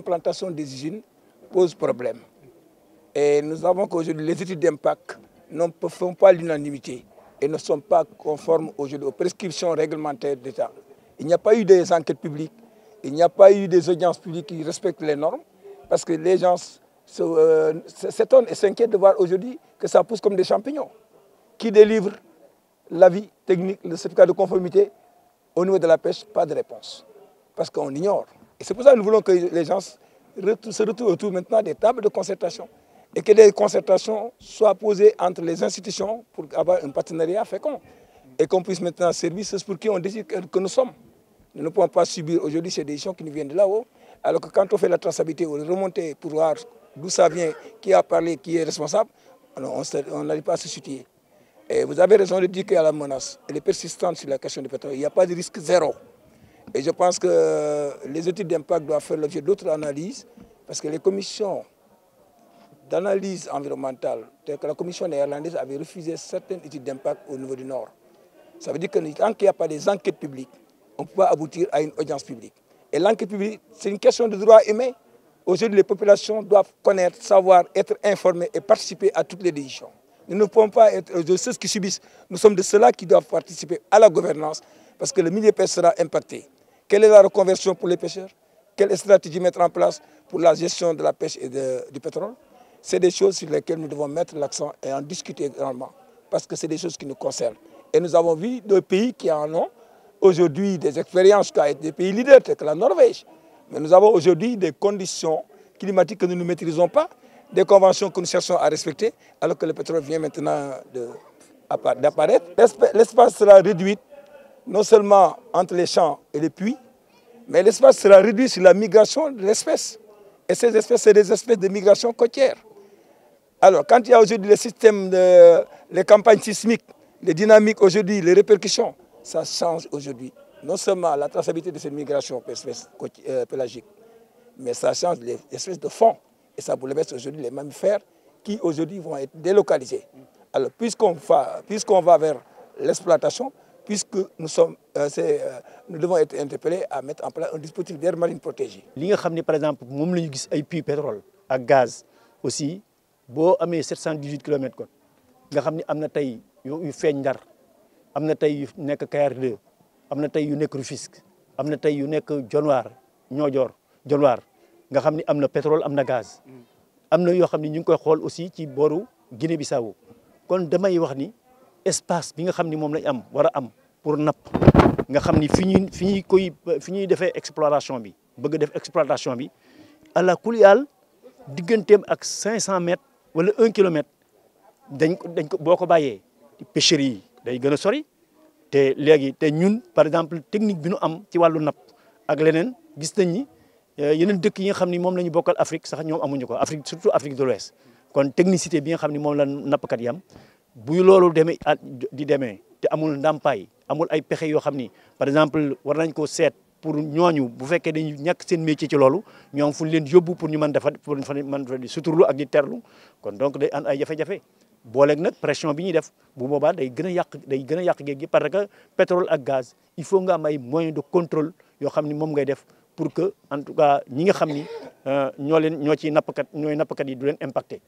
implantation des usines pose problème. Et nous avons qu'aujourd'hui, les études d'impact ne font pas l'unanimité et ne sont pas conformes aux prescriptions réglementaires d'État. Il n'y a pas eu des enquêtes publiques, il n'y a pas eu des audiences publiques qui respectent les normes, parce que les gens euh, s'étonnent et s'inquiètent de voir aujourd'hui que ça pousse comme des champignons. Qui délivre l'avis technique, le certificat de conformité au niveau de la pêche Pas de réponse, parce qu'on ignore c'est pour ça que nous voulons que les gens se retrouvent autour maintenant des tables de concertation et que des concertations soient posées entre les institutions pour avoir un partenariat fécond et qu'on puisse maintenant servir ceux pour qui on décide que nous sommes. Nous ne pouvons pas subir aujourd'hui ces décisions qui nous viennent de là-haut, alors que quand on fait la traçabilité, on remonter pour voir d'où ça vient, qui a parlé, qui est responsable, on n'arrive pas à se soutenir. Et vous avez raison de dire qu'il y a la menace. Elle est persistante sur la question du pétrole. Il n'y a pas de risque zéro. Et je pense que euh, les études d'impact doivent faire l'objet d'autres analyses, parce que les commissions d'analyse environnementale, c'est-à-dire que la commission néerlandaise avait refusé certaines études d'impact au niveau du Nord. Ça veut dire que tant qu'il n'y a pas des enquêtes publiques, on ne peut pas aboutir à une audience publique. Et l'enquête publique, c'est une question de droit humain. Aujourd'hui, les populations doivent connaître, savoir, être informées et participer à toutes les décisions. Nous ne pouvons pas être de ceux qui subissent. Nous sommes de ceux-là qui doivent participer à la gouvernance parce que le milieu sera impacté. Quelle est la reconversion pour les pêcheurs Quelle est stratégie mettre en place pour la gestion de la pêche et du pétrole C'est des choses sur lesquelles nous devons mettre l'accent et en discuter grandement, parce que c'est des choses qui nous concernent. Et nous avons vu deux pays qui en ont aujourd'hui des expériences, qui ont des pays leaders, tels que la Norvège. Mais nous avons aujourd'hui des conditions climatiques que nous ne maîtrisons pas, des conventions que nous cherchons à respecter, alors que le pétrole vient maintenant d'apparaître. L'espace sera réduit non seulement entre les champs et les puits, mais l'espace sera réduit sur la migration de l'espèce. Et ces espèces, c'est des espèces de migration côtière. Alors, quand il y a aujourd'hui les systèmes, de, les campagnes sismiques, les dynamiques aujourd'hui, les répercussions, ça change aujourd'hui. Non seulement la traçabilité de cette migration euh, pélagique, mais ça change les espèces de fond. Et ça bouleverse aujourd'hui les mammifères qui aujourd'hui vont être délocalisés. Alors, puisqu'on va, va vers l'exploitation, puisque euh, euh, nous, devons être interpellés à mettre en place un dispositif d'air marine protégé. Ce que par exemple, nous avons pétrole et gaz aussi. Si 718 km, vous savez qu'il y a des gens qui ont été fait des 2 des Rufisque, fait des Nous pétrole, et gaz. Nous des gens qui sont aussi Guinée-Bissau. espace bi nga xam ni moom lañ am war am pour napp nga xam ni fi ñuy fi ñuy koy fi ñuy defee bi bëgg def exploration bi ala la culial digganteem ak 500 mètres wala 1 kilomètre dañ dañ ko boo ko bàyyee pêcherie yi day gën sori te léegi te ñun par exemple technique bi nu am ci wàllu napp ak leneen gis nañ ni euh, yeneen dëkk yi nga xam ni moom la ñu bokkal afrique sax ñoom amuñu ko afrique surtout afrique de l' kon technicité bi nga xam ni moom la nappkat yi am bu lolu demé ah, di démé té amul ndampay amul ay pexé yo xamni par exemple war nañ ko sét pour ñooñu bu fekkee dañu ñàkk seen métier ci loolu ñoom fu leen yóbbu pour ñu mën defa pour ñu mën di suturlu ak di terlu kon donc day an ay jafe-jafe booleeg nag pression bi ñuy def bu boobaa day gën a yàq day gën a yàq géej gi parce que pétrole ak gaz il faut nga am moyen de contrôle yoo xam ni ngay def pour que en tout cas ñi nga xam ni euh, ñoo leen ñoo ci nappkat ñooy yi du leen impacté